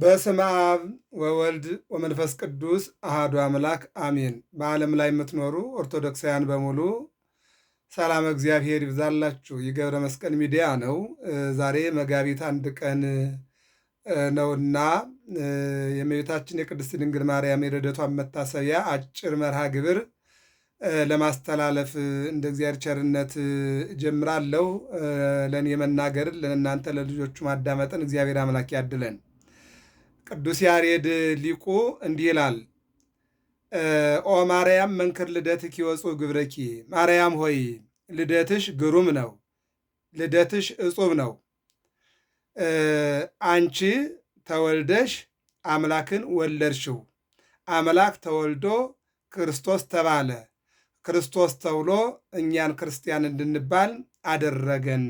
በስመ አብ ወወልድ ወመንፈስ ቅዱስ አሃዱ አምላክ አሜን። በዓለም ላይ የምትኖሩ ኦርቶዶክሳውያን በሙሉ ሰላም እግዚአብሔር ይብዛላችሁ። የገብረ መስቀል ሚዲያ ነው። ዛሬ መጋቢት አንድ ቀን ነውና የእመቤታችን የቅድስት ድንግል ማርያም የልደቷን መታሰቢያ አጭር መርሃ ግብር ለማስተላለፍ እንደ እግዚአብሔር ቸርነት ጀምራለሁ። ለእኔ መናገርን ለእናንተ ለልጆቹ ማዳመጥን እግዚአብሔር አምላክ ያድለን። ቅዱስ ያሬድ ሊቁ እንዲህ ይላል። ኦ ማርያም መንክር ልደትኪ ወፁ ግብረኪ፣ ማርያም ሆይ ልደትሽ ግሩም ነው፣ ልደትሽ እጹብ ነው። አንቺ ተወልደሽ አምላክን ወለድሽው። አምላክ ተወልዶ ክርስቶስ ተባለ። ክርስቶስ ተብሎ እኛን ክርስቲያን እንድንባል አደረገን።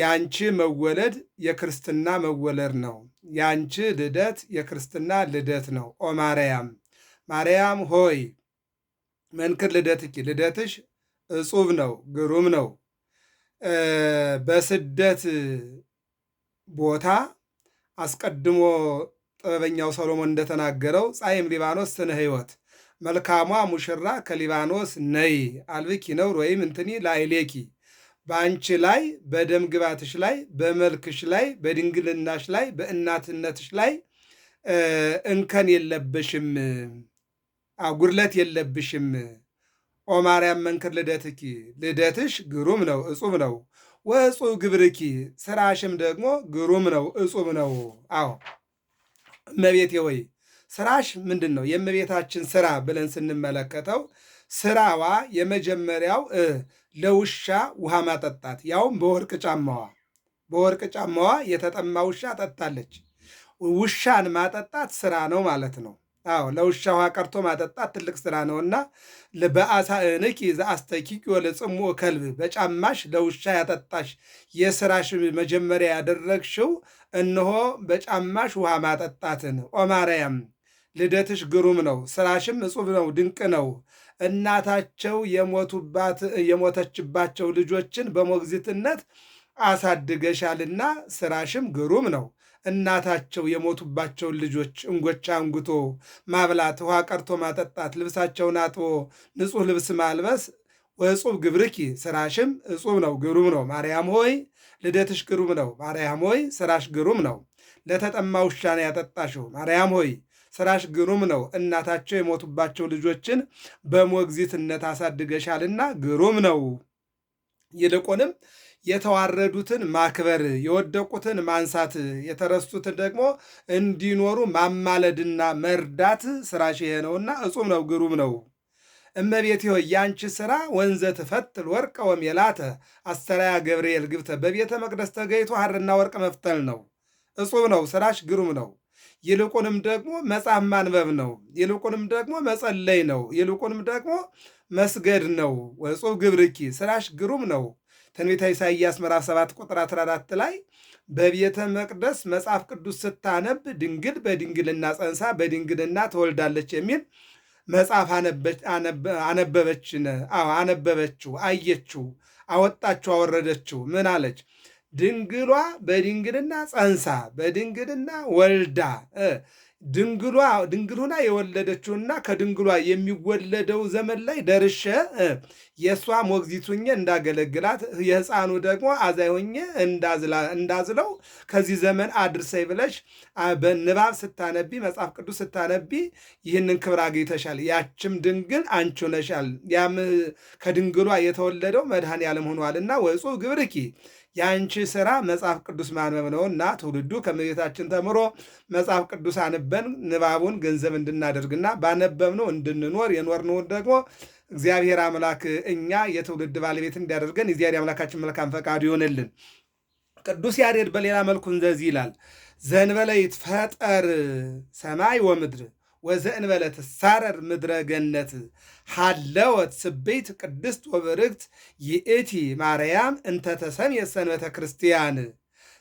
ያንቺ መወለድ የክርስትና መወለድ ነው። ያንቺ ልደት የክርስትና ልደት ነው። ኦ ማርያም ማርያም ሆይ መንክር ልደትኪ ልደትሽ እጹብ ነው፣ ግሩም ነው። በስደት ቦታ አስቀድሞ ጥበበኛው ሰሎሞን እንደተናገረው ፀይም ሊባኖስ ስነ ሕይወት መልካሟ ሙሽራ ከሊባኖስ ነይ አልብኪ ነውር ወይም እንትኒ ላይሌኪ በአንቺ ላይ በደም ግባትሽ ላይ በመልክሽ ላይ በድንግልናሽ ላይ በእናትነትሽ ላይ እንከን የለብሽም፣ ጉድለት የለብሽም። ኦ ማርያም መንክር ልደትኪ ልደትሽ ግሩም ነው እጹብ ነው። ወእጹብ ግብርኪ ስራሽም ደግሞ ግሩም ነው እጹብ ነው። አዎ እመቤቴ ወይ ስራሽ ምንድን ነው? የእመቤታችን ስራ ብለን ስንመለከተው ስራዋ የመጀመሪያው ለውሻ ውሃ ማጠጣት ያውም በወርቅ ጫማዋ በወርቅ ጫማዋ የተጠማ ውሻ ጠጣለች። ውሻን ማጠጣት ስራ ነው ማለት ነው። አዎ ለውሻ ውሃ ቀርቶ ማጠጣት ትልቅ ስራ ነውና በአሳ እንኪ ወለ ጽሙ ከልብ በጫማሽ ለውሻ ያጠጣሽ የስራሽ መጀመሪያ ያደረግሽው እነሆ በጫማሽ ውሃ ማጠጣትን ኦማርያም ልደትሽ ግሩም ነው፣ ስራሽም እጹብ ነው፣ ድንቅ ነው። እናታቸው የሞተችባቸው ልጆችን በሞግዚትነት አሳድገሻልና ስራሽም ግሩም ነው። እናታቸው የሞቱባቸውን ልጆች እንጎቻ አንጉቶ ማብላት፣ ውሃ ቀርቶ ማጠጣት፣ ልብሳቸውን አጥቦ ንጹሕ ልብስ ማልበስ ወእጹብ ግብርኪ ስራሽም እጹብ ነው ግሩም ነው። ማርያም ሆይ ልደትሽ ግሩም ነው። ማርያም ሆይ ስራሽ ግሩም ነው። ለተጠማ ውሻ ነው ያጠጣሽው። ማርያም ሆይ ስራሽ ግሩም ነው። እናታቸው የሞቱባቸው ልጆችን በሞግዚትነት አሳድገሻልና ግሩም ነው። ይልቁንም የተዋረዱትን ማክበር፣ የወደቁትን ማንሳት፣ የተረሱትን ደግሞ እንዲኖሩ ማማለድና መርዳት ስራሽ ይሄ ነውና እጹም ነው፣ ግሩም ነው። እመቤት ሆይ ያንቺ ስራ ወንዘ ትፈትል ወርቀ ወሜላተ አስተራያ ገብርኤል ግብተ በቤተ መቅደስ ተገይቶ ሐርና ወርቅ መፍተል ነው። እጹም ነው፣ ስራሽ ግሩም ነው። ይልቁንም ደግሞ መጽሐፍ ማንበብ ነው። ይልቁንም ደግሞ መጸለይ ነው። ይልቁንም ደግሞ መስገድ ነው። ወእጹብ ግብርኪ ስራሽ ግሩም ነው። ትንቢተ ኢሳይያስ ምዕራፍ 7 ቁጥር 14 ላይ በቤተ መቅደስ መጽሐፍ ቅዱስ ስታነብ ድንግል በድንግልና ጸንሳ በድንግልና ትወልዳለች የሚል መጽሐፍ አነበበችን አነበበችው፣ አየችው፣ አወጣችው፣ አወረደችው። ምን አለች? ድንግሏ በድንግልና ጸንሳ በድንግልና ወልዳ ድንግሏ ድንግሉና የወለደችውና ከድንግሏ የሚወለደው ዘመን ላይ ደርሸ የእሷ ሞግዚቱኝ እንዳገለግላት የሕፃኑ ደግሞ አዛይ ሁኜ እንዳዝለው ከዚህ ዘመን አድርሰይ ብለሽ በንባብ ስታነቢ መጽሐፍ ቅዱስ ስታነቢ ይህንን ክብር አግኝተሻል። ያችም ድንግል አንቺ ነሻል። ያም ከድንግሏ የተወለደው መድኃኔ ዓለም ሆኗልና ወይጹ ግብርኪ ያንቺ ስራ መጽሐፍ ቅዱስ ማንበብ ነውና ትውልዱ ከመቤታችን ተምሮ መጽሐፍ ቅዱስ አንበን ንባቡን ገንዘብ እንድናደርግና ባነበብነው እንድንኖር የኖርነውን ደግሞ እግዚአብሔር አምላክ እኛ የትውልድ ባለቤት እንዲያደርገን የዚያድ አምላካችን መልካም ፈቃዱ ይሆንልን። ቅዱስ ያሬድ በሌላ መልኩ እንደዚህ ይላል ዘንበለ ይትፈጠር ሰማይ ወምድር ወዘእንበለ ትሳረር ምድረ ገነት ሃለወት ስቤት ቅድስት ወበርክት ይእቲ ማርያም እንተተሰምየ ሰንበተ ክርስቲያን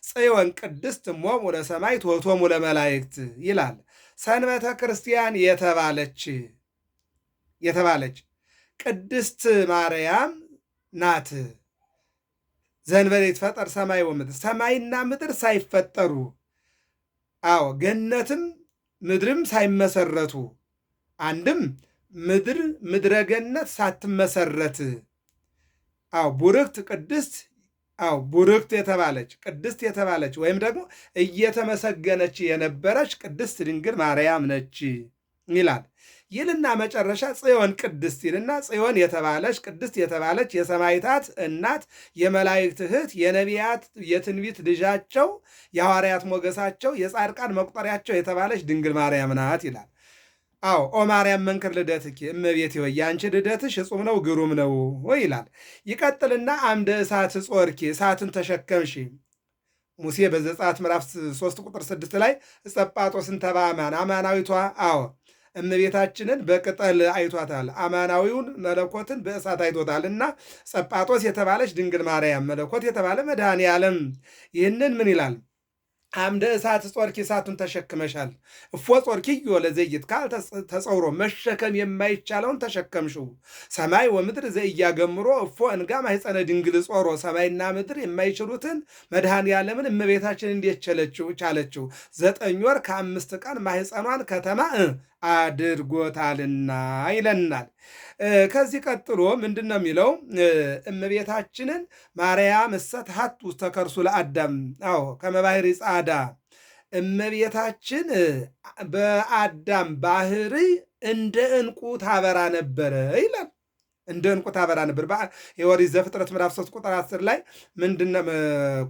ጽዮን ቅድስት እሞሙ ለሰማይ ትወቶሙ ለመላእክት ይላል። ሰንበተ ክርስቲያን የተባለች የተባለች ቅድስት ማርያም ናት። ዘእንበለ ይትፈጠር ሰማይ ወምድር ሰማይና ምድር ሳይፈጠሩ አዎ ገነትም ምድርም ሳይመሰረቱ አንድም ምድር ምድረገነት ሳትመሰረት አው ቡርክት ቅድስት አው ቡርክት የተባለች ቅድስት የተባለች ወይም ደግሞ እየተመሰገነች የነበረች ቅድስት ድንግል ማርያም ነች ይላል። ይልና መጨረሻ ጽዮን ቅድስት ይልና ጽዮን የተባለች ቅድስት የተባለች የሰማይታት እናት የመላእክት እህት የነቢያት የትንቢት ልጃቸው የሐዋርያት ሞገሳቸው የጻድቃን መቁጠሪያቸው የተባለች ድንግል ማርያም ናት ይላል። አዎ ኦ ማርያም መንክር ልደትኪ እመቤት ሆይ የአንቺ ልደትሽ እጹም ነው ግሩም ነው ይላል። ይቀጥልና አምደ እሳት ጾርኪ እሳትን ተሸከምሺ። ሙሴ በዘጸአት ምዕራፍ 3 ቁጥር 6 ላይ እጸጳጦስን ተባማን አማናዊቷ አዎ እመቤታችንን በቅጠል አይቷታል፣ አማናዊውን መለኮትን በእሳት አይቶታል እና ጸጳጦስ የተባለች ድንግል ማርያም መለኮት የተባለ መድኃኔ ዓለም ይህንን ምን ይላል? አምደ እሳት ጾርኪ እሳቱን ተሸክመሻል። እፎ ዮ ለዘይት ካል ተጸውሮ መሸከም የማይቻለውን ተሸከምሽው። ሰማይ ወምድር ዘኢያገምሮ እፎ እንጋ ማኅፀነ ድንግል ጾሮ ሰማይና ምድር የማይችሉትን መድኃኔዓለምን እመቤታችን እንዴት ቻለችው? ዘጠኝ ወር ከአምስት ቀን ማኅፀኗን ከተማ አድርጎታልና ይለናል። ከዚህ ቀጥሎ ምንድን ነው የሚለው? እመቤታችንን ማርያም እሰትሐት ውስተ ከርሱ ለአዳም አዎ ከመ ጻዳ እመቤታችን በአዳም ባህሪ እንደ እንቁ ታበራ ነበረ ይላል። እንደ ዕንቁ ታበራ ነበር። የኦሪት ዘፍጥረት ምዕራፍ ሶስት ቁጥር አስር ላይ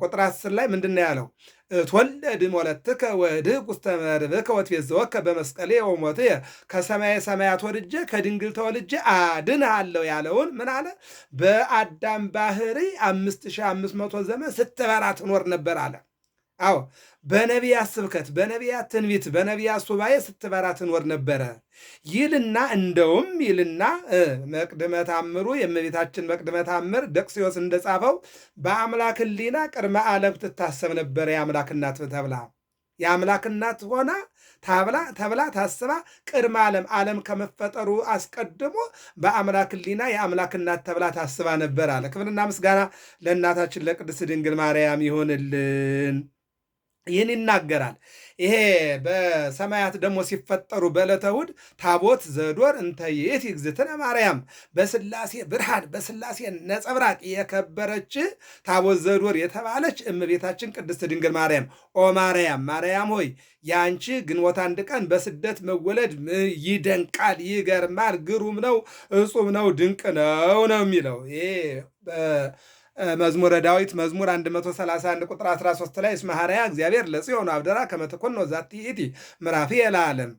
ቁጥር አስር ላይ ምንድን ነው ያለው? ትወለድ ሞለትከ ወድኅቅ ውስተ መርብከ ወትቤዝወከ በመስቀሌ ወሞት ከሰማይ ሰማያት ወርጄ ከድንግል ተወልጄ አድንሃለሁ ያለውን ምን አለ? በአዳም ባህሪ አምስት ሺህ አምስት መቶ ዘመን ስትበራ ትኖር ነበር አለ። አዎ በነቢያት ስብከት፣ በነቢያት ትንቢት፣ በነቢያት ሱባኤ ስትበራ ትኖር ነበረ ይልና እንደውም ይልና መቅድመ ታምሩ የእመቤታችን መቅድመ ታምር ደቅስዮስ እንደጻፈው በአምላክ ሕሊና ቅድመ ዓለም ትታሰብ ነበረ የአምላክ እናት ተብላ የአምላክ እናት ሆና ተብላ ታስባ ቅድመ ዓለም ዓለም ከመፈጠሩ አስቀድሞ በአምላክ ሕሊና የአምላክ እናት ተብላ ታስባ ነበር አለ። ክብርና ምስጋና ለእናታችን ለቅድስት ድንግል ማርያም ይሁንልን። ይህን ይናገራል። ይሄ በሰማያት ደግሞ ሲፈጠሩ በዕለተ እሑድ ታቦት ዘዶር እንተ ይእቲ እግዝእትነ ማርያም በስላሴ ብርሃን በስላሴ ነጸብራቅ የከበረች ታቦት ዘዶር የተባለች እመቤታችን ቅድስት ድንግል ማርያም ኦ ማርያም ማርያም ሆይ የአንቺ ግንቦት አንድ ቀን በስደት መወለድ ይደንቃል፣ ይገርማል፣ ግሩም ነው፣ እጹም ነው፣ ድንቅ ነው ነው የሚለው መዝሙረ ዳዊት መዝሙር 131 ቁጥር 13 ላይ እስመ ሐረያ እግዚአብሔር ለጽዮን አብደራ ከመ ተኮኖ ዛቲ ይእቲ ምዕራፍ የለዓለም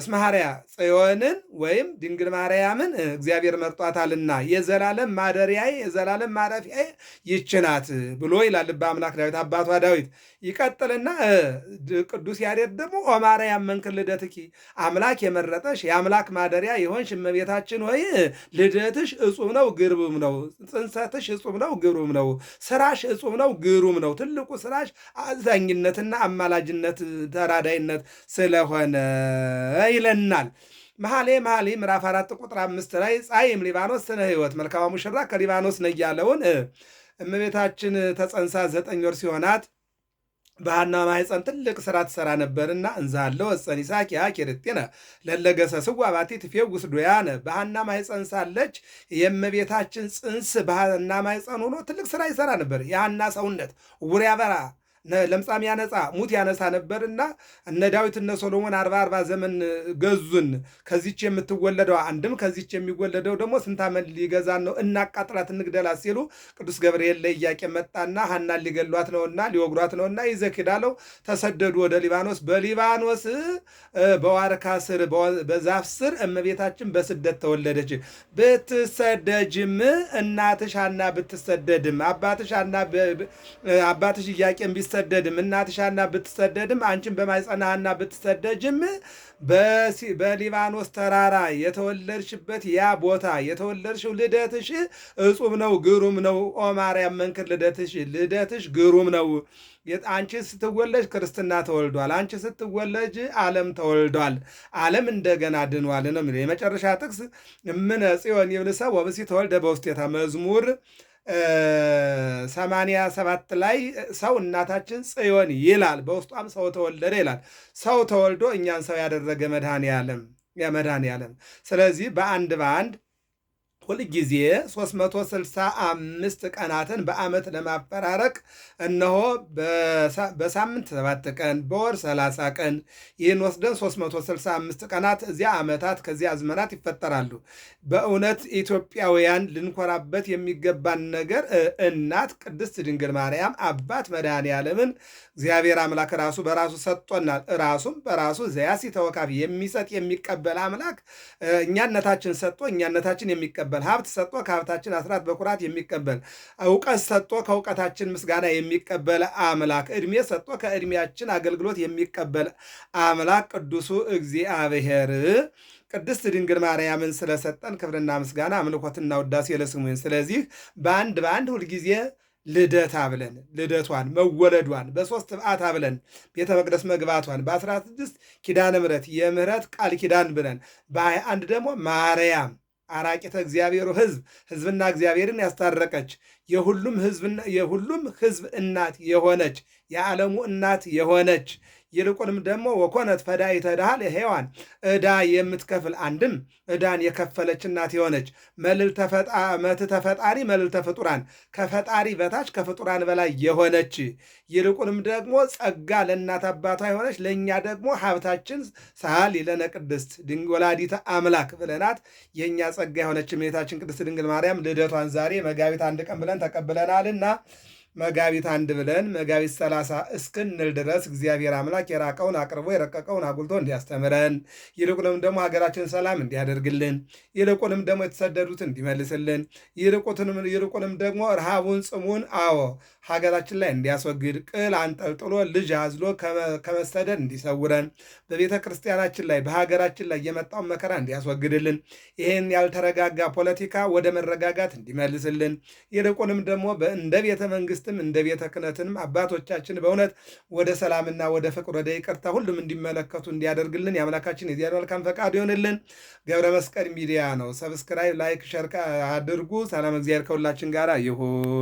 እስመሐርያ ጽዮንን ወይም ድንግል ማርያምን እግዚአብሔር መርጧታልና የዘላለም ማደሪያዬ የዘላለም ማረፊያዬ ይችናት ብሎ ይላል በአምላክ ዳዊት አባቷ ዳዊት ይቀጥልና ቅዱስ ያሬድ ደግሞ ኦማርያም ማርያም መንክር ልደትኪ አምላክ የመረጠሽ የአምላክ ማደሪያ የሆንሽ እመቤታችን ሆይ ልደትሽ እጹም ነው ግሩም ነው ጽንሰትሽ እጹም ነው ግሩም ነው ስራሽ እጹም ነው ግሩም ነው ትልቁ ስራሽ አዛኝነትና አማላጅነት ተራዳይነት ስለሆነ ይለናል። መሐሌ መሐሌ ምዕራፍ አራት ቁጥር አምስት ላይ ፀይም ሊባኖስ ስነ ህይወት መልካማ ሙሽራ ከሊባኖስ ነው ያለውን እመቤታችን ተጸንሳ ዘጠኝ ወር ሲሆናት ባህና ማሕፀን ትልቅ ስራ ትሰራ ነበርና እንዛለ ወፀን ይሳቅ ያ ለለገሰ ለለገሰስዋ ባቲ ትፌውስ ዶያነ በሐና ማሕፀን ሳለች የእመቤታችን ጽንስ ባህና ማሕፀን ሆኖ ትልቅ ስራ ይሰራ ነበር። የሐና ሰውነት ውር ያበራ ለምጻም ያነጻ ሙት ያነሳ ነበርና እነ ዳዊት እነ ሶሎሞን አርባ አርባ ዘመን ገዙን። ከዚች የምትወለደው አንድም ከዚች የሚወለደው ደግሞ ስንት ዓመት ሊገዛን ነው? እናቃጥላት፣ እንግደላት ሲሉ ቅዱስ ገብርኤል ለኢያቄም መጣና ሐናን ሊገሏት ነውና ሊወግሯት ነውና ይዘህ ሂድ ተሰደዱ ወደ ሊባኖስ። በሊባኖስ በዋርካ ስር በዛፍ ስር እመቤታችን በስደት ተወለደች። ብትሰደጅም እናትሽ ሐና ብትሰደድም አባትሽ ሐና አባትሽ ኢያቄም ቢሰ ብትሰደድም እናትሻና ብትሰደድም አንቺን በማኅፀኗ ብትሰደጅም በሊባኖስ ተራራ የተወለድሽበት ያ ቦታ የተወለድሽው ልደትሽ እጹብ ነው፣ ግሩም ነው። ኦ ማርያም መንክር ልደትሽ ልደትሽ ግሩም ነው። አንቺ ስትወለጅ ክርስትና ተወልዷል። አንቺ ስትወለጅ ዓለም ተወልዷል። ዓለም እንደገና ድኗል ነው የመጨረሻ ጥቅስ እምነ ጽዮን ይብልሰብ ወብሲ ተወልደ በውስቴታ መዝሙር ሰማንያ ሰባት ላይ ሰው እናታችን ጽዮን ይላል፣ በውስጧም ሰው ተወለደ ይላል። ሰው ተወልዶ እኛን ሰው ያደረገ መድኃኔ ዓለም የመድኃኔ ዓለም ስለዚህ በአንድ በአንድ ሁልጊዜ 365 ቀናትን በዓመት ለማፈራረቅ እነሆ በሳምንት 7 ቀን በወር 30 ቀን ይህን ወስደን 365 ቀናት እዚያ ዓመታት ከዚያ አዝመናት ይፈጠራሉ። በእውነት ኢትዮጵያውያን ልንኮራበት የሚገባን ነገር እናት ቅድስት ድንግል ማርያም፣ አባት መድኃኔ ዓለምን እግዚአብሔር አምላክ ራሱ በራሱ ሰጥቶናል። ራሱም በራሱ ዘያሲ ተወካፊ የሚሰጥ የሚቀበል አምላክ እኛነታችን ሰጥቶ እኛነታችን የሚቀበል የሚቀበል ሀብት ሰጥቶ ከሀብታችን አስራት በኩራት የሚቀበል እውቀት ሰጥቶ ከእውቀታችን ምስጋና የሚቀበል አምላክ እድሜ ሰጥቶ ከእድሜያችን አገልግሎት የሚቀበል አምላክ ቅዱሱ እግዚአብሔር ቅድስት ድንግል ማርያምን ስለሰጠን ክብርና ምስጋና አምልኮትና ውዳሴ ለስሙን። ስለዚህ በአንድ በአንድ ሁልጊዜ ልደታ ብለን ልደቷን መወለዷን በሶስት በዓታ ብለን ቤተ መቅደስ መግባቷን በአስራ ስድስት ኪዳነ ምሕረት የምሕረት ቃል ኪዳን ብለን በሀያ አንድ ደግሞ ማርያም አራቂተ እግዚአብሔሩ ሕዝብ ሕዝብና እግዚአብሔርን ያስታረቀች የሁሉም ሕዝብ እናት የሆነች የዓለሙ እናት የሆነች ይልቁንም ደግሞ ወኮነት ፈዳኢተ ዕዳ ሔዋን ዕዳ የምትከፍል አንድም ዕዳን የከፈለች እናት የሆነች ምእትተ ተፈጣሪ መልዕልተ ፍጡራን ከፈጣሪ በታች ከፍጡራን በላይ የሆነች ይልቁንም ደግሞ ጸጋ ለእናት አባቷ የሆነች ለእኛ ደግሞ ሀብታችን ሳሊ ለነ ቅድስት ወላዲተ አምላክ ብለናት የእኛ ጸጋ የሆነች እመቤታችን ቅድስት ድንግል ማርያም ልደቷን ዛሬ መጋቢት አንድ ቀን ብለን ተቀብለናልና መጋቢት አንድ ብለን መጋቢት ሰላሳ እስክንል ድረስ እግዚአብሔር አምላክ የራቀውን አቅርቦ የረቀቀውን አጉልቶ እንዲያስተምረን ይልቁንም ደግሞ ሀገራችን ሰላም እንዲያደርግልን ይልቁንም ደግሞ የተሰደዱትን እንዲመልስልን ይልቁንም ደግሞ ረሃቡን ጽሙን፣ አዎ ሀገራችን ላይ እንዲያስወግድ ቅል አንጠልጥሎ ልጅ አዝሎ ከመሰደድ እንዲሰውረን በቤተ ክርስቲያናችን ላይ በሀገራችን ላይ የመጣውን መከራ እንዲያስወግድልን ይህን ያልተረጋጋ ፖለቲካ ወደ መረጋጋት እንዲመልስልን ይልቁንም ደግሞ እንደ ቤተ መንግስት መንግስትም እንደ ቤተ ክህነትንም አባቶቻችን በእውነት ወደ ሰላምና ወደ ፍቅር ወደ ይቅርታ ሁሉም እንዲመለከቱ እንዲያደርግልን የአምላካችን የዚያ መልካም ፈቃድ ይሆንልን። ገብረ መስቀል ሚዲያ ነው። ሰብስክራይብ፣ ላይክ፣ ሸር አድርጉ። ሰላም እግዚአብሔር ከሁላችን ጋር ይሁን።